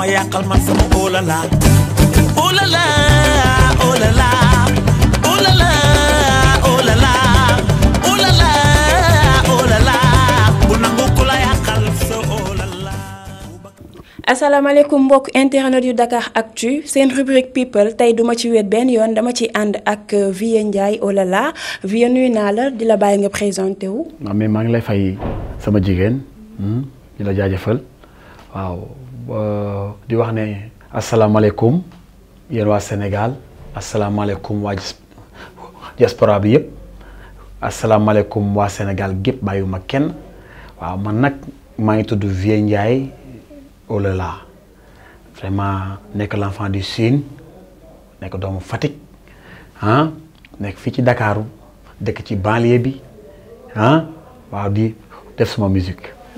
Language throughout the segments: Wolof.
ma yàqal man sama olala olala olala olala olala olala oh bu nangu ku la yàqal sa oh la la. asalaamaaleykum internet yu Dakar Actu seen rubrique people tay duma ci wet ben yoon dama ci and ak euh, Vieux Ndiaye oh la la Vieux di la bàyyi nga présenté wu. mais maa ngi lay fay sama jigéen. Hmm, di la jaajëfal waaw. Euh, di wax ne je suis au Sénégal alaykum wa diaspora bi je suis wa Sénégal suis Bayou Sénégal, wa man nak Sénégal, je suis la. Olala vraiment au l'enfant du signe, au doomu ah au Sénégal, ci Dakarou, ci banlieue bi ah, di musique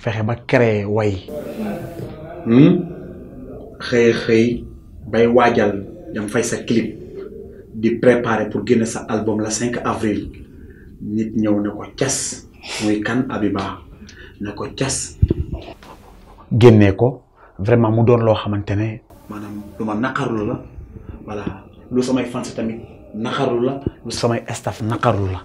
fexe ba créer way hmm? xëy xëy bay waajal dam fay sa clip di préparer pour génne sa album la 5 avril nit ñëw na ko cas muy kan Abiba na ko cas génnee ko vraiment mu doon loo xamante ne maanaam lu ma naqarlu la voilà lu samay fans tamit naqarlu la lu samay staff naqarlu la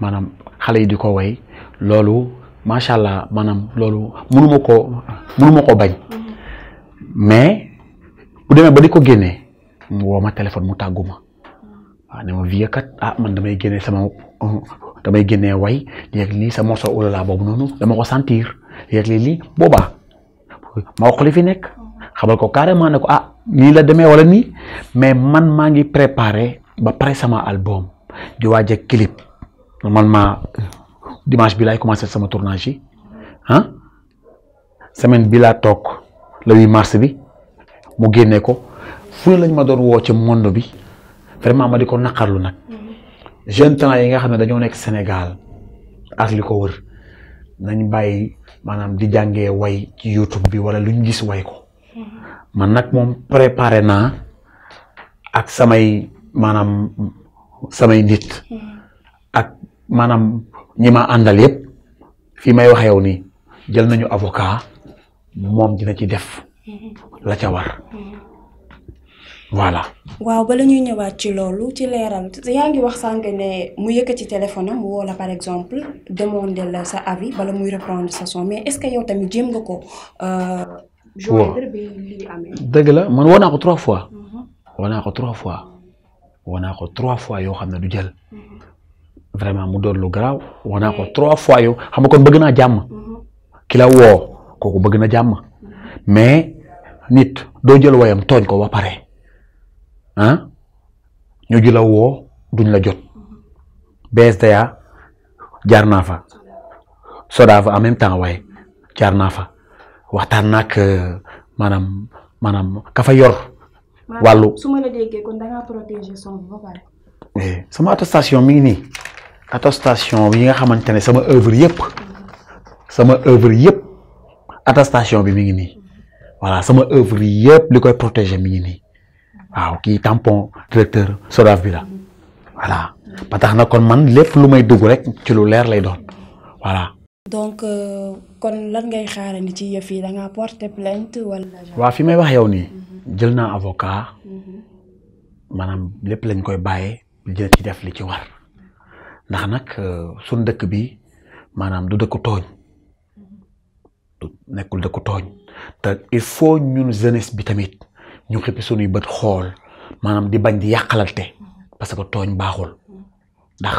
maanaam xale yi di ko way loolu macha allah maanaam loolu mënuma koo mënuma koo bañ mais bu demee ba di ko génnee mu woo ma téléphone mu tàggu ma waaw ne ma vie kat ah, man damay génne sama damay génnee way léegi lii sa morceau olala boobu noonu dama ko sentir léegi li boobaa ma wax li fi nekk xamal ko carrément ne ko ah nii la demee wala nii mais man maa ngi préparé ba pare sama album di waaj a clip. normalement dimanche bi laay commencé sama tournage yi semaine bi laa toog le 8 mars bi mu génne ko fu ne lañ ma doon woo ci monde bi vraiment ma di ko naqarlu nag jeune talent yi nga xam ne dañoo nekk Sénégal ak li ko wër nañ bàyyi maanaam di jàngee way ci YouTube bi wala lu gis way ko man nag moom préparé naa ak samay maanaam samay nit. maanaam ñi ma àndal yëpp fii may wax yow nii jël nañu avocat moom dina ci def la ca war voilà. waaw bala ñuy ñëwaat ci loolu ci leeral yaa ngi wax sànq ne mu ci téléphone am woo par exemple demandé la sa avis bala muy reprendre sa son mais est-ce que yow tamit jéem nga ko. Euh, joindre la man woo naa ko trois fois. Mhm. woo naa ko trois fois. woo naa ko trois fois yoo xam ne du jël. Mhm. vraiment mu doon lu wana wax naa ko eh. trois fois yow xam nga kon bëgg naa jàmm mhm. ki la woo na jàmm mhm. mais nit doo jël woyam tooñ ko ba pare ah ñu ji la woo duñ la jot mhm. BSDA jaar naa fa Sodafa en même temps waaye jaar naa fa waxtaan naag euh, maanaam maanaam ka fa yor. wàllu su la déggee kon da ngaa protéger son bopp ba eh, sama attestation mi attestation bi nga xamantene sama œuvre ça sama œuvre attestation bi mi voilà sama œuvre protéger mi tampon directeur bi la voilà ba kon man lépp lu may rek voilà. donc euh, kon lan ngay xaarandi ci plainte wala. Wa fi may wax yow mhm. avocat mhm. maanaam lépp lañ koy jël ci def ndax nag euh, suñ dëkk bi maanaam du dëkku tooñ du nekkul dëkku tooñ te il faut ñun jeunesse bi tamit ñu xippi suñuy bët xool maanaam di bañ di yàqalalte parce que tooñ baaxul ndax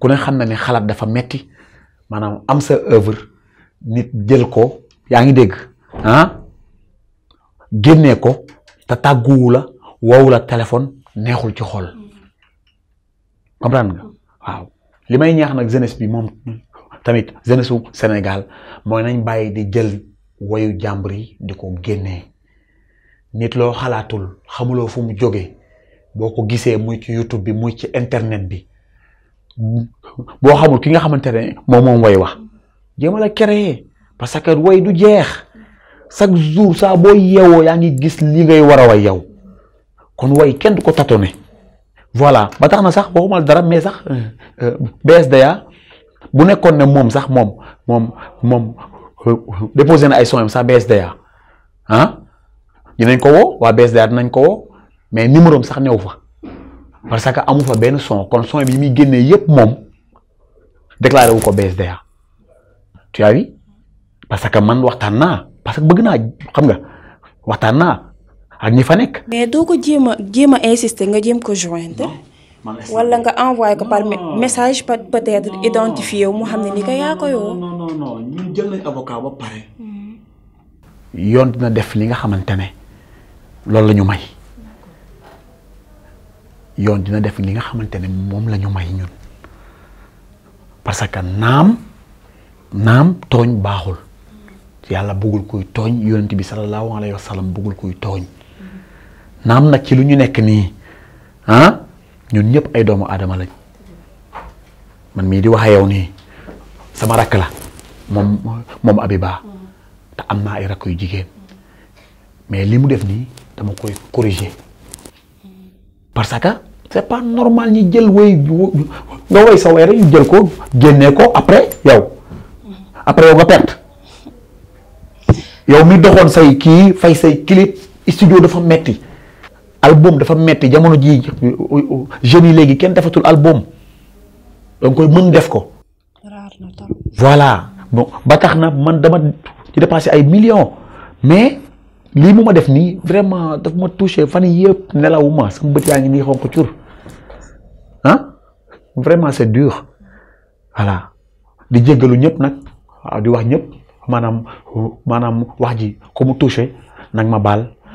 ku ne xam na ne xalaat dafa metti maanaam am sa œuvre nit jël ko yaa ngi dégg ah génnee ko te tàgguwula la woowu téléphone neexul ci xol comprendre nga waaw li may ñaax nag jeunesse bi moom tamit jeunesse senegal mooy nañ bàyyi di jël woyu jàmbur yi di ko génne nit loo xalaatul xamuloo fu mu jógee boo ko gisee muy ci YouTube bi muy ci internet bi boo xamul ki nga xamante ne moom moom way wax jéemal a créer parce que way du jeex chaque jour saa boo yeewoo yaa ngi gis li ngay war a way yow kon way kenn du ko tatone voilà ba ça Si sax dara mais sax euh, euh, BSDA bu ne sax mom mom mom euh, déposer na ay sax BSDA hein ah? dinañ ko BSDA dinañ ko mais numéro sax new fa parce que amu fa ben son kon son bi mi je yépp mom ko BSDA tu as vu parce que man parce que ak ñi fa nekk. mais doo ko jéem a jéem a insister nga jéem ko joindre. walla nga envoyé ko par message peut-être identifié wu mu xam ne ni ko yaa ko yoo. non hmm. yoon dina def li nga xamante ne loolu la may yoon dina def li nga xamante ne moom la may ñun parce que naam naam tooñ baaxul yàlla bëggul koy tooñ yonent bi sallallahu alayhi wa sallam bëggul kuy tooñ. naam na ci lu ñu nekk nii ah ñun ñëpp ay doomu aadama lañ man mii di wax yow nii sama rakk la moom moom Abiba te am naa ay rakk yu jigéen mais li def nii dama koy corriger parce que c'est pas normal ñi jël way nga way sa woy ñu jël ko génnee ko après yow après yow nga perte yow mi doxoon say kii fay say clip studio dafa metti album dafa metti jamono ji jeune légui ken kenn defatul album da nga koy mën def ko. voilà bon ba tax man dama ci dépassé ay millions mais li mouma def ni vraiment daf ma touché fan yëpp nelawuma sama beut yaa ni nii xonk cur ah vraiment c'est dur voilà di jéggalu ñëpp nak ah, di wax ñëpp manam manam wax ji ko mu touché nak ma baal.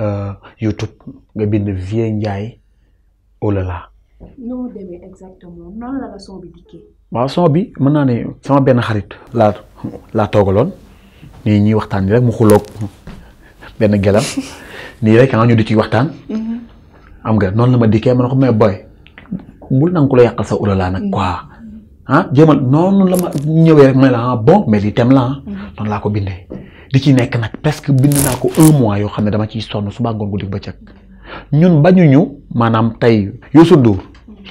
Euh, YouTube nga bind Vieux Ndiaye olala. Oh bi waaw son bi mën naa ne sama benn xarit. laa laa nii ñuy waxtaan rek mu xuloog benn gelam nii rek ah, di ci waxtaan. Mm-hmm. am nga noonu la ma dikkee man ko may boy bul nangu ku la yàqal sa olala nag quoi mm-hmm. ah noonu la ma ñëwee rek ma ne ah, bon mais lii tem la ah. mm-hmm. noonu laa ko bindee. di ci nekk nag presque bind naa ko un mois yoo xam ne dama ciy sonn suba ngoon guddi bëccëg ñun bañuñu maanaam tey Youssou Ndour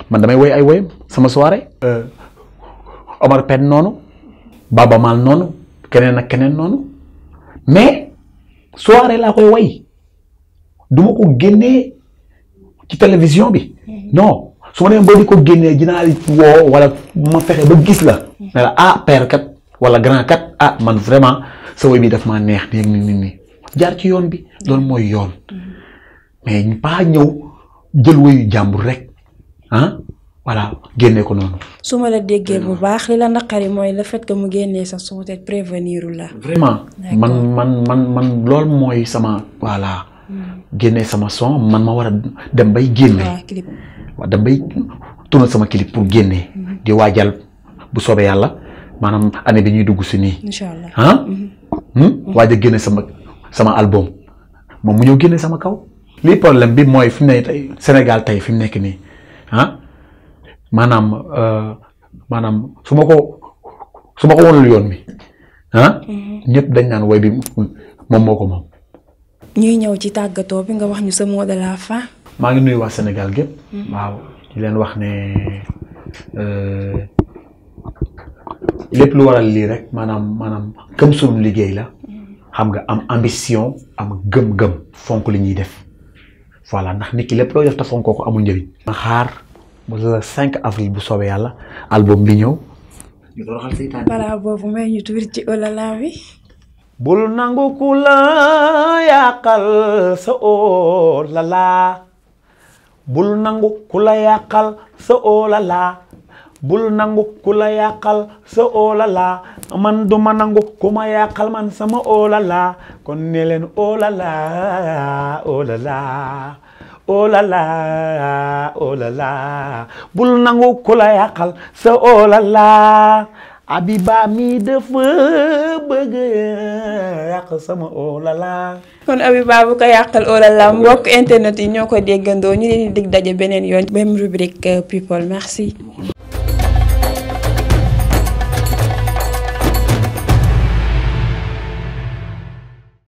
man damay woy ay woyam sama soirée euh, Omar Pène noonu Baba Maal noonu keneen ak keneen noonu mais soirée laa koy woy duma ko génnee ci télévision bi non su ma demee boo di ko génnee dinaa woo wala ma fexe ba gis la ne ah père kat wala grand kat ah man vraiment sa woy bi dafa ma neex nii ak jaar ci yoon bi loolu mooy yoon mais ñu ñëw jël woyu jàmbur rek ah voilà génne ko noonu. su ma la déggee bu baax li la naqari mooy le fait mu génnee sa su te prévenir la. vraiment man man man man loolu mooy sama voilà. Hmm. génne sama son man ma war a dem bay génne. waaw dem bay sama clip pour génne. Hmm. di waajal bu soobee yàlla maanaam année bi ñuy dugg si nii. Hmm? waaj a génne sama sama album moom mu ñëw génne sama kaw. lii problème bi mooy fi mu ne tey Sénégal tey fi mu nekk nii ah maanaam euh, maanaam su ma ko su ma ko wonul yoon bi ah. Mm-hmm. ñëpp dañ naan woy bi moom moo ko moom. ñuy ñëw ci tàggatoo bi nga wax ñu sa mot de maa ngi nuyu wax Sénégal gépp mm-hmm. waaw di leen wax ne. Euh, lepp lu waral li rek manam manam gëm suñu liggéey la xam nga am ambition am gëm-gëm fonk li ñuy def voilà ndax nit ki lepp lo def ta fonk ko amul ñëri ma xaar bu le 5 avril bu soobé yalla album bi ñëw. ñu do waxal seytane bala boobu may ñu tuur ci olala bi. bul nangu ku la yàqal sa olala bul nangu ku la sa olala. bul nangu ku la yàqal sa oolala man du ma nangu ku ma yàqal man sama oolala kon ne leen olala oolala oolala oolala bul nangu ku la yàqal sa oolala Abiba mi dafa bëgg yàq sama oolala kon Abiba bu ko yàqal oolala internet yi ñoo ko déggandoo ñu dig daje beneen yoon même rubrique euh, people merci